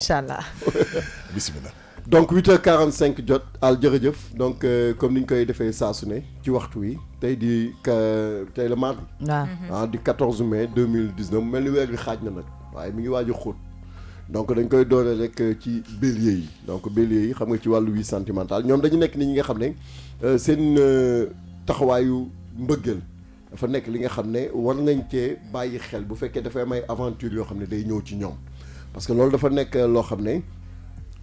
incha allah. donc 8h45 jot al jërëjëf donc euh, comme ni ñu koy defee saa su ne ci waxtu wi tey di tey la mardi. waaw mhm. ah, di 14 mai 2019 mel ni weer bi xaaj na nag waaye mi ngi waaj a xóot donc dañ koy doore rek euh, ci bélier yi donc bélier yi xam nga ci wàllu wi sentimental ñoom dañu nekk ni ñi nga xam ne euh, seen taxawaayu mbëggeel dafa nekk li nga xam ne war nañ cee bàyyi xel bu fekkee dafay may aventure yoo xam ne day ñëw ci ñoom. parce que loolu dafa nekk loo xam ne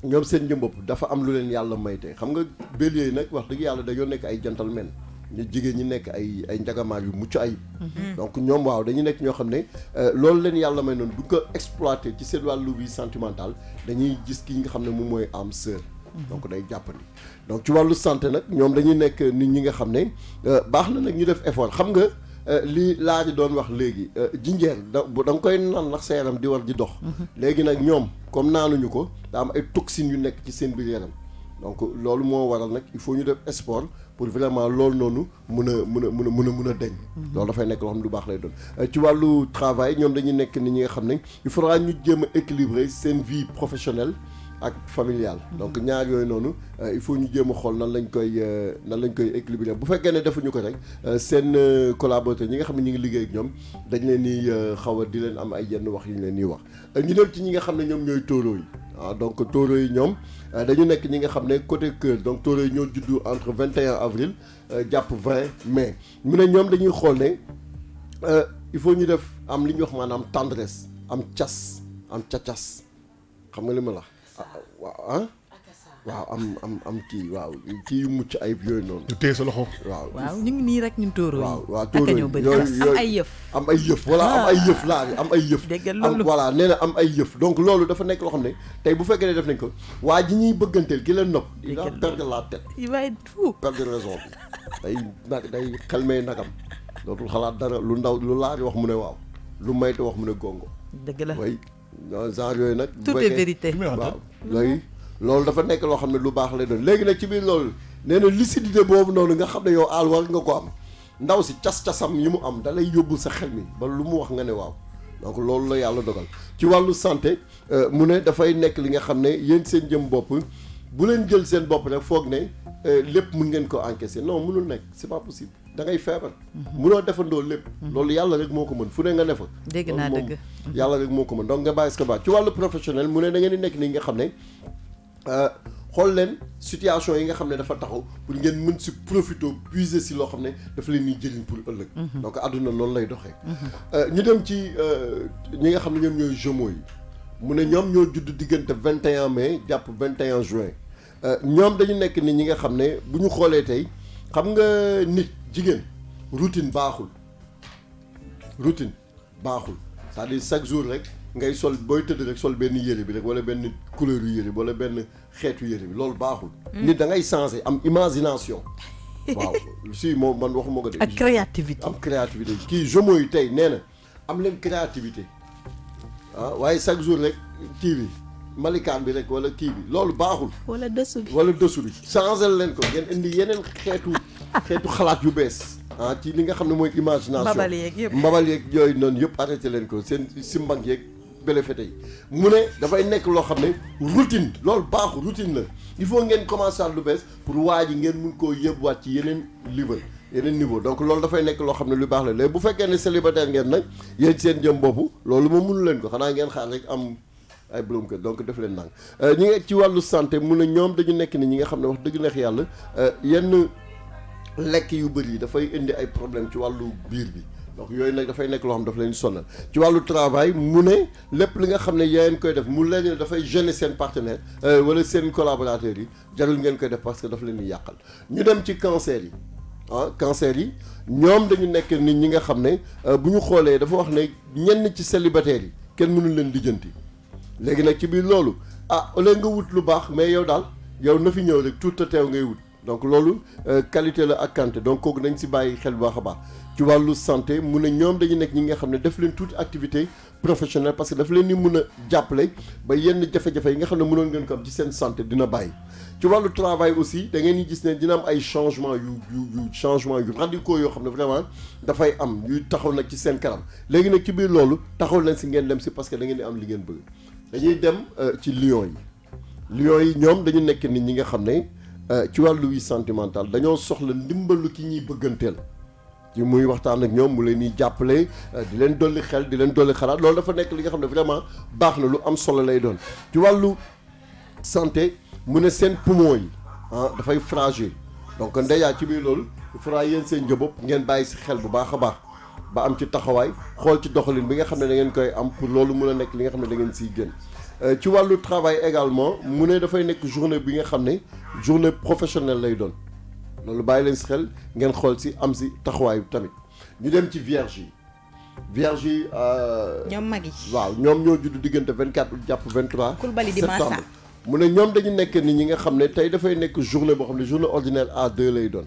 ñoom seen jëm bopp dafa am lu leen yàlla may tey xam nga bélier yi nag wax dëgg yàlla dañoo nekk ay gentlemen ñu jigéen ñi nekk ay ay njagamaar yu mucc ayib mhm. donc ñoom waaw dañu nekk ñoo xam ne euh, loolu leen yàlla may noonu du ko exploité ci seen wàllu vie sentimentale dañuy gis ki nga xam ne moom mooy am sœur mhm. donc day jàppandi donc ci wàllu sante nag ñoom dañuy nekk nit ñi nga xam ne euh, baax na nag ñu def effort xam nga Euh, lii laaj di doon wax léegi euh, jinjeer da da nga koy naan ndax sa yaram di war di dox. Mhm. léegi nag ñoom comme naanuñu ko daa am ay toxines yu nekk ci seen biir yaram donc loolu moo waral nag il faut ñu def sport pour vraiment loolu noonu mun a mun a mun a mun a mun a deñ. Mhm. loolu dafay nekk loo lu baax lay doon. Euh, ci wàllu travail ñoom dañuy nekk ni ñi nga xam ne il faudra ñu jéem a équilibrer seen vie professionnelle. ak familial donc ñaar yooyu noonu euh, il faut ñu jéem a xool nan lañ koy euh, nan lañ koy équilibrer bu fekkee ne defuñu ko rek euh, seen collaborateur ñi nga xam ne ñu ngi liggéey ak ñoom dañ leen di xaw a di leen ay yenn wax yu ñu leen di wax ñu dem ci ñi nga xam ne ñoom ñooy tóoroo yi ah, donc tóoroo yi ñoom dañu nekk ñi nga xam ne côté cœur donc tóoroo yi ñoo juddu entre 21 avril jàpp 20 mai mu ne ñoom dañuy xool ne il faut ñu def am li ñuy wax maanaam tendresse am cas am cas xam nga li ma la waaw ah. ah, ah? waaw am am am kii waaw kii yu mucc ayib yooyu noonu. du téye sa loxo. waaw ñu ngi nii rek ñun tóoroo yi. waaw waaw tóoroo yi yooyu am ay yëf. am ay yëf voilà am ay yëf laa am ay voilà nee na am ay yëf donc loolu dafa nekk loo xam ne tey bu fekkee ne def nañ ko waa ji ñuy bëgganteel ki leen nopp. dégg nga il va perdre la tête. il va être fou. perdre raison bi day nag day xelmee nagam dootul xalaat dara lu ndaw lu laari wax mu ne waaw lu mayte wax mu ne gongo. dëgg la way genre yooyu nag. bu toutes les vérités waaw léegi loolu dafa nekk loo xam ne lu baax lay doon léegi nag ci biir loolu nee na lucidité boobu noonu nga xam ne yow aal war nga ko am ndaw si cas-casam yi mu am dalay yóbbu sa xel mi ba lu mu wax nga ne waaw donc loolu la yàlla dogal ci wàllu santé euh, mu ne dafay nekk li nga xam ne yéen seen jëm bopp bu leen jël seen bopp rek foog ne euh, lépp mun ngeen ko encaisser no mënul nekk c'est pas possible. da ngay feebar. munoo defandoo lépp. loolu yàlla rek moo ko mën fu ne nga ne fa. dégg naa dëgg yàlla rek moo ko mën donc nga bàyyi ce ci wàllu professionnel mu ne da ngeen nekk nii ne euh, xool leen situation yi nga xam ne dafa taxaw pour ngeen mën si profité si loo xam ne dafa leen di jëriñ pour ëllëg. Mhm. donc àdduna noonu lay doxee. Euh, ñu dem ci euh, ñi nga xam ne ñoom ñooy jumeaux yi mu ne ñoom ñoo juddu diggante 21 mai jàpp 21 juin ñoom dañu nekk ni ñi nga xam ne bu ñu xoolee tey. xam nga nit jigéen routine baaxul routine baaxul cest à chaque jour rek ngay sol booy tëdd rek sol benn yére bi rek wala benn couleur yu yére bi wala benn xeetu yére bi loolu baaxul. Hmm. nit da ngay changer am imagination. waaw si moo man waxuma ko de. ak créativité am créativité kii jomo yi tey nee na am leen créativité ah waaye chaque jour rek TV. malikaan bi rek wala kii bi loolu baaxul. wala dëssu bi wala dëssu bi. changé leen ko ngeen indi yeneen xeetu xeetu xalaat yu bees. ah ci li nga xam ne mooy imagination mbabal yeeg yëpp mbabal yeeg yooyu noonu yëpp arrêté leen ko seen simbang yeeg bële fete yi mu ne dafay nekk loo xam ne routine lool baaxul routine la il faut ngeen commencé lu bees pour waa ji ngeen mun koo yëbbuwaat ci yeneen level yeneen niveau donc lool dafay nekk loo xam ne lu baax la léegi bu fekkee ne célibataire ngeen nag yéen seen jëm bopp loolu moom mënu ko xanaa ngeen xaar rek am. ay borom donc def leen nang euh, ñi nga ci wàllu santé mu ne ñoom dañu nekk ni ñi nga xam ne wax dëgg neex yàlla euh, yenn lekk yu bëri yi dafay indi ay problème ci wàllu biir bi donc yooyu nag dafay nekk loo xam daf leen sonal ci wàllu travail mu ne lépp li nga ne yaa koy def mu leen dafay gêner seen partenaire euh, wala seen collaborateurs yi jarul ngeen koy def parce que dafa leen di yàqal ñu dem ci cancer yi ah cancer yi ñoom dañu nekk nit ñi nga xam ne bu ñu xoolee dafa wax ne ñenn ci célibataires yi kenn mënul leen lijjanti. léegi nag ci biir loolu ah au lieu nga wut lu baax mais yow daal yow na fi ñëw rek tuut a teew ngay wut donc loolu euh, qualité la ak quantité donc kooku nañ si bàyyi xel bu baax a baax ci wàllu santé mu ne ñoom dañu nekk ñi nga xam ne def leen tuuti activité professionnelle parce que dafa leen ni mun a jàppale ba yenn jafe-jafe yi nga xam ne mënoon ngeen ko am ci seen santé dina bàyyi ci wàllu travail aussi da ngeen di gis ne dina am ay changement yu yu yu changement yu radicaux yoo xam ne vraiment dafay am yuy taxaw nag ci seen kanam léegi nag ci biir loolu taxaw leen si ngeen dem si parce que da am li ngeen dañuy dem euh, ci lion yi lion yi ñoom dañu nekk nit ñi nga xam ne euh, ci wàllu wi sentimental dañoo soxla ndimbalu ki ñuy bëgganteel ci muy waxtaan ak ñoom mu leen di jàppale euh, di leen dolli xel di leen dolli xalaat loolu dafa nekk li nga xam ne vraiment baax na lu am solo lay doon ci wàllu santé mu ne seen poumon yi ah, dafay fragile donc ndeyaa ci biir loolu fara yéen seen jë bopp ngeen bàyyi si xel bu baax a baax ba am ci taxawaay xool ci doxalin bi nga xam ne da ngeen koy am pour loolu mën a nekk li nga xam ne da si siy gën euh, ci wàllu travail également mu ne dafay nekk journée bi nga xam ne journée professionnelle lay doon loolu bàyyi leen si xel ngeen xool si am si taxawaay tamit ñu dem ci vierge yi vierge yi. Euh, ñoom mag waaw ñoom ñoo judd diggante 24 août jàpp 23. Koulibaly di septembre ñoom dañu nekk ni ñi nga xam ne tey dafay nekk journée boo xam ne journée ordinaire a de lay doon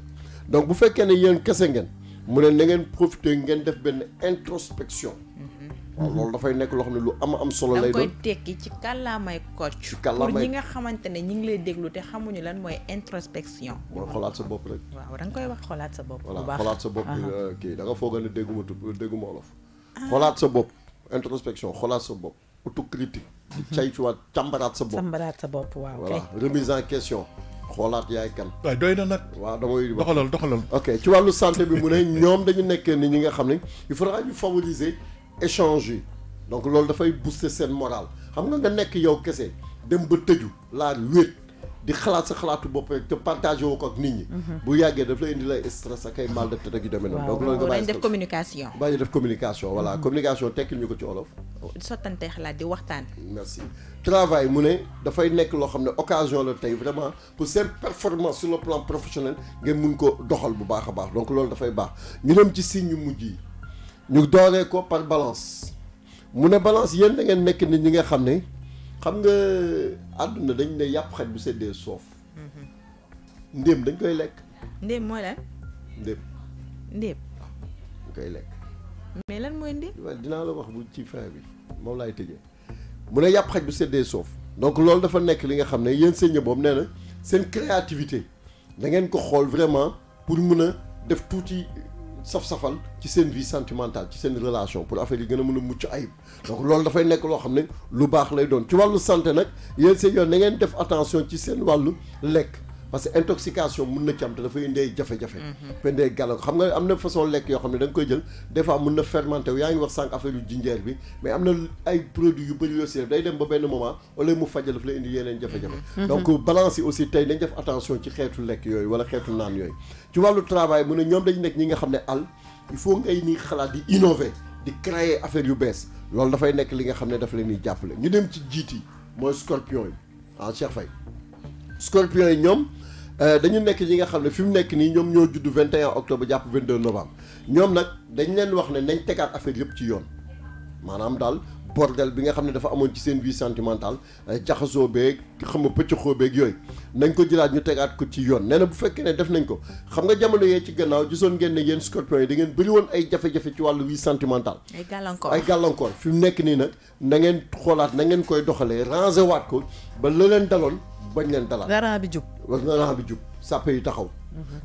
donc bu fekkee ne yéen kese ngeen. mu ne na ngeen profité ngeen def benn introspection. Mm-hmm. waaw loolu dafay nekk loo xam ne lu am am solo lay doon koy tekki ci kàllaamay coach. ci kàllaamay pour ñi nga xamante ne ñi ngi lay déglu te xamuñu lan mooy introspection. mooy xoolaat sa bopp rek. waaw da koy wax xoolaat sa bopp. bu baax voilà sa bopp euh, kii da nga foog ne dégguma tu dégguma olof. Ah. xoolaat sa bopp introspection xoolaat sa bopp autocritique. di mhm. caytuwaat càmbaraat sa bopp càmbaraat sa bopp waaw. voilà remise en question. xoolaat yaay kan. waaw doy na nag. waaw damay doxalal doxalal. ok ci wàllu santé bi mu ne ñoom dañu nekkee nit ñi nga xam ne il faudra ñu favoriser échange donc loolu dafay booster seen moral xam nga nga nekk yow kese dem ba tëju laa wéet. di xalaat sa xalaatu bopp rek te woo ko ak nit ñi. Mhm. bu yàggee daf lay indi lay stress ak ay mal de tête ak yu demee noonu. donc loolu nga bàyyi def communication. bàyyi def communication voilà mhm. communication tekkil ñu ko ci olof. sottante xalaat di waxtaan. travail mu ne dafay nekk loo xam ne occasion la tey vraiment pour seen performance sur le plan professionnel ngeen mun ko doxal bu baax a baax donc loolu dafay baax ñu dem ci signe yu mujj yi ñu dooree ko par balance mu ne balance yéen da ngeen nekk nit ñi nga xam ne xam nga. àdduna dañ ne yàpp xaj bu seddee soof. Mhm. ndéem dañ koy lekk. ndéem mooy lan. ndéem. ndéem. Ah, dañ koy lekk. mais lan mooy ndéem. waaye dinaa la wax bu ci fin bi moom laay tëjee mu ne yàpp xaj bu seddee soof. donc loolu dafa nekk li nga xam ne yéen seen boobu nee na seen créativité da ngeen ko xool vraiment pour mun a def tuuti. saf-safal ci seen vie sentimentale ci seen relation pour affaire yi gën a mën a mucc ayib donc loolu dafay nekk loo xam ne lu baax lay doon ci wàllu sante nag yéen seen yoon na ngeen def attention ci seen wàllu lekk parce que intoxication mun na ci am te dafay indee jafe-jafe. Mhm. am na façon lekk yoo xam ne da koy jël des fois mun na fermenté wu yaa ngi wax sànq affaire yu ay dem ba benn moment au lieu mu fajal daf lay indi yeneen jafe-jafe. Mhm. Mhm. donc aussi tey dañ def attention ci xeetu lekk yooyu wala xeetu naan yooyu. ci wàllu travail mu ne ñoom dañ nekk ñi nga xam ne al il faut ngay ni xalaat di affaire yu bees loolu dafay nekk li nga xam ne dafa leen di jàppale ñu dem ci jiit yi mooy scorpion yi ah Cheikh Faye scorpion yi ñoom Euh, dañu nekk ñi nga xam ne fi mu nekk nii ñoom ñoo juddu 21 octobre jàpp 22 novembre ñoom nag dañ leen wax ne nañ tegaat affaire yëpp ci yoon maanaam daal bordel bi nga xam ne dafa amoon ci seen vie sentimentale euh, jaxasoo beeg xam nga pëccëxoo beeg yooyu nañ ko jëlaat ñu tegaat ko ci yoon nee na bu fekkee ne def nañ ko xam nga jamono yee ci gannaaw gisoon ngeen ne yéen scorpion yi da ngeen bëri woon ay jafe-jafe ci wàllu vie sentimentale ay gàllankoor ay gàllankoor fi nekk nii na ngeen xoolaat na ngeen koy doxalee ranger waat ko ba la leen daloon bañ leen dalal. garant bi jub garant bi jub sàppe yu taxaw.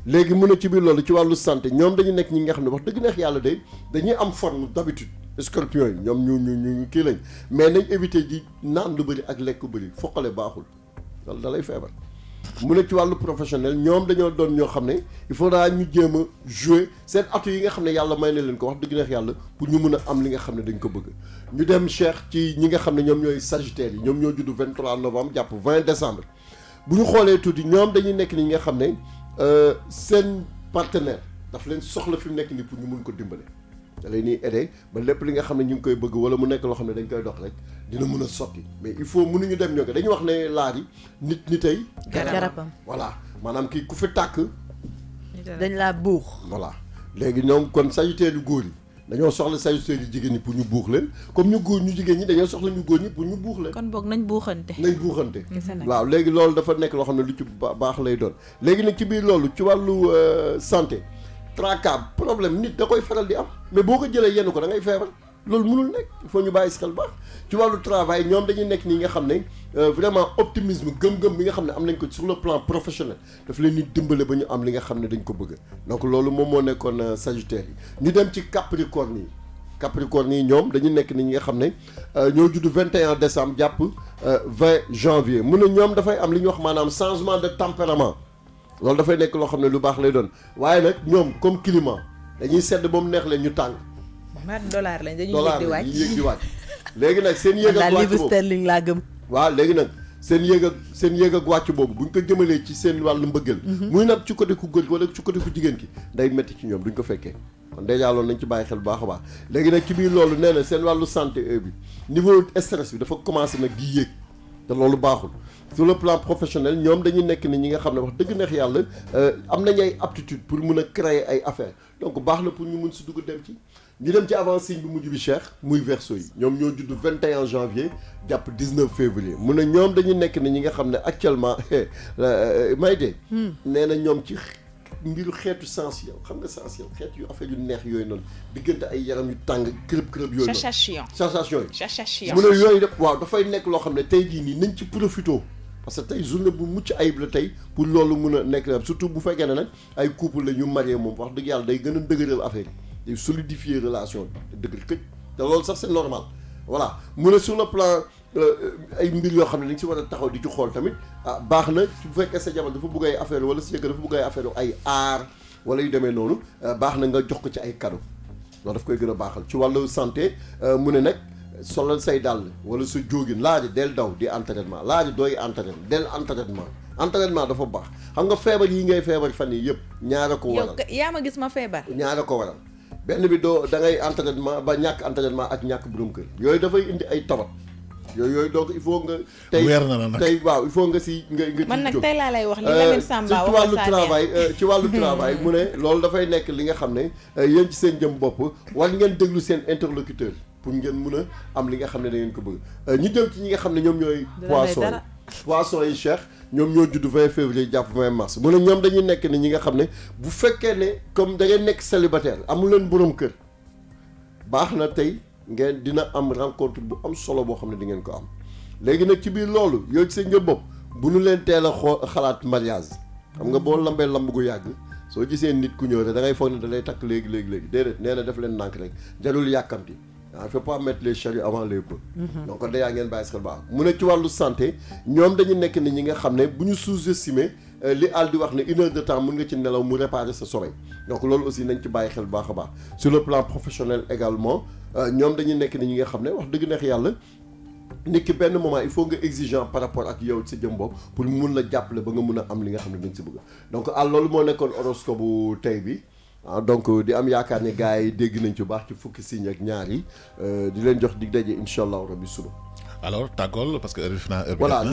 léegi mun a ci biir loolu ci wàllu santé ñoom dañu nekk ñi nga xam ne wax dëgg neex yàlla de dañuy am forme d'habitude scorpion yi ñoom ñu ñu ñu ñu kii lañ mais nañ éviter ji naan lu bari ak lekk lu bëri foqale baaxul loolu da lay feebar. mu ne ci wàllu professionnel ñoom dañoo doon ñoo xam ne il faut faudra ñu jéem a jouer seen atu yi nga xam ne yàlla may na leen ko wax dëgg neex yàlla pour ñu mun a am li nga xam ne dañ ko bëgg ñu dem Cheikh ci ñi nga xam ne ñoom ñooy sagittaire yi ñoom ñoo judd 23 novembre jàpp 20 décembre bu ñu xoolee tuuti ñoom dañuy nekk ni ñi nga xam ne euh, seen partenaire dafa leen soxla fi mu nekk nii pour ñu mun ko dimbale da lay ñuy ba lépp li nga xam ne ñu ngi koy bëgg wala mu nekk loo xam ne dañ koy dox rek dina mun a sotti mais il faut mënuñu dem ñoo ko dañuy wax ne laar yi nit ñi tey. garabam voilà maanaam kii ku fi tàkk. dañ laa buux. voilà léegi ñoom kon sagittaire yu góor yi dañoo soxla sagittaire yu jigéen ñi pour ñu buux leen comme ñu góor ñu jigéen ñi dañoo soxla ñu góor ñi pour ñu buux leen. kon boog nañ buuxante. nañ buuxante. waaw léegi loolu dafa nekk loo xam ne lu ci baax lay doon léegi nag ci biir loolu ci wàllu euh, santé tracas problème nit da koy faral di am mais boo ko jëlee yenn ko da ngay feebar loolu mënul nekk il ñu bàyyi si xel baax ci wàllu travail ñoom dañuy nekk nii nga xam ne euh, vraiment optimisme gëm-gëm bi nga xam ne am nañ ko sur le plan professionnel daf leen di dimbale ba ñu am li nga xam ne dañ ko bëgg donc loolu moom moo nekkoon euh, sagittaire yi ñu dem ci capricorne yi capricorne yi ñoom dañu nekk ni ñi nga xam ne euh, ñoo judd 21 décembre jàpp 20 janvier mun a ñoom dafay am li ñuy wax maanaam changement de tempérament loolu dafay nekk loo xam ne lu baax lay doon waaye nag ñoom comme climat dañuy sedd ba mu neex leen ñu tàng. maanaam dollar lañ dañuy yëg di wàcc yëg di léegi nag seen yëg ak wàcc boobu livre sterling laa gëm. waaw léegi nag seen yëg seen yëg ak wàcc boobu ko jëmalee ci seen wàllu mbëggeel. Mhm. muy nag ci côté ku góor wala ci côté ku jigéen ki day métti ci ñoom duñ ko fekkee. kon dèjà loolu nañ ci bàyyi xel bu baax baax léegi nag ci biir loolu nee na seen wàllu santé euh, bi niveau stress bi dafa commencé nag di yéeg te loolu baaxul sur le plan professionnel ñoom dañu nekk ni ñi nga xam ne wax dëgg neex yàlla euh, am nañ ay aptitude pour mun a créer ay affaires donc baax na pour ñu mun si dugg dem ci ñu dem ci avant signe bi mujj bi Cheikh muy verseau yi ñoom ñoo judd 21 janvier jàpp 19 février mu ne ñoom dañu nekk ni ñi nga xam ne actuellement euh, may de hmm. nee na ñoom ci mbiru xeetu sens yow xam nga sens yow xeet yu affaire yu neex yooyu noonu diggante ay yaram yu tàng kërëb kërëb yooyu noonu sensation sensation yi mu yooyu dafay nekk loo xam ne tey jii nii nañ ci profito parce que tey journée bu mucc ayib la tey pour loolu mun a nekk na surtout bu fekkee ne nag ay couple la ñu marié moom wax dëgg yàlla day gën a dëgëral affaire yi day solidifier relation bi dëgër këj te loolu sax c'est normal voilà mu ne sur le plan Euh, euh, ay mbir yoo xam ne dañ si war a taxaw di ci xool tamit ah, baax na su fekkee sa jabar dafa bëgg ay affaire wala si jëkkër dafa bëgg ay affaire ay aar wala yu demee noonu euh, baax na nga jox ko ci ay cadeau loolu daf koy gën a baaxal ci wàllu santé mu ne nag solal say dàll wala sa gi laaj del daw di entraînement laaj dooy entraînement del entraînement entraînement dafa baax xam nga feebar yi ngay feebar fan yi yëpp ñaara ko waral yaa ma gis ma feebar ñaara ko waral benn bi doo da ngay entraînement ba ñàkk entraînement ak ñàkk borom kër yooyu dafay indi ay tabat yooyu yooyu donc il faut nga. tey na la nag tey waaw il faut nga si nga nga. man nag tey laa lay wax li Lamine Samba wax euh, ci wàllu travail euh, ci wàllu travail mu ne loolu dafay nekk li nga xam ne euh, yéen ci seen jëm bopp war ngeen déglu seen interlocuteur pour ngeen mun a am li nga xam ne da ngeen ko bëgg ñu jëm ci ñi nga xam ne ñoom ñooy. poisson poisson yi cher ñoom ñoo judd 20 février jàpp 20 mars mu ne ñoom dañuy nekk ni ñi nga xam ne bu fekkee ne comme dangeen ngeen nekk célibataire amul leen borom kër baax na tey ngeen dina am rencontre bu am solo boo xam ne di ngeen ko am léegi nag ci biir loolu yow ci sa nga bopp bu nu leen teel a xoo xalaat mariage xam nga boo lambee lamb gu yàgg soo gisee nit ku ñëw rek da ngay foog ne da takk léegi léegi léegi déedéet nee na def leen nànk rek jarul yàkkamti ah, il faut pas mettre les charrues avant les bœufs mm-hmm. donc da yaa ngeen bàyyi si baax mu ne ci wàllu santé ñoom dañu nekk ni ñi nga xam ne bu ñu sous-estimé Euh, li àll di wax ne une heure de temps mën nga ci nelaw mu réparer sa sommeil donc loolu aussi nañ ci bàyyi xel baax a baax sur le plan professionnel également euh, ñoom dañuy nekk ni ñi nga xam ne wax dëgg neex yàlla nit ki benn moment il faut nga exigeant par rapport ak yow sa jëm bopp pour mun la jàppale ba nga mun a am li nga xam ne dañ si bëgg donc àll loolu moo nekkoon horoscope bu tey bi ah donc euh, di am yaakaar ni gaa yi dégg nañ ci baax ci fukki signe ak ñaar yi di leen jox dig daje incha allah rabi suba.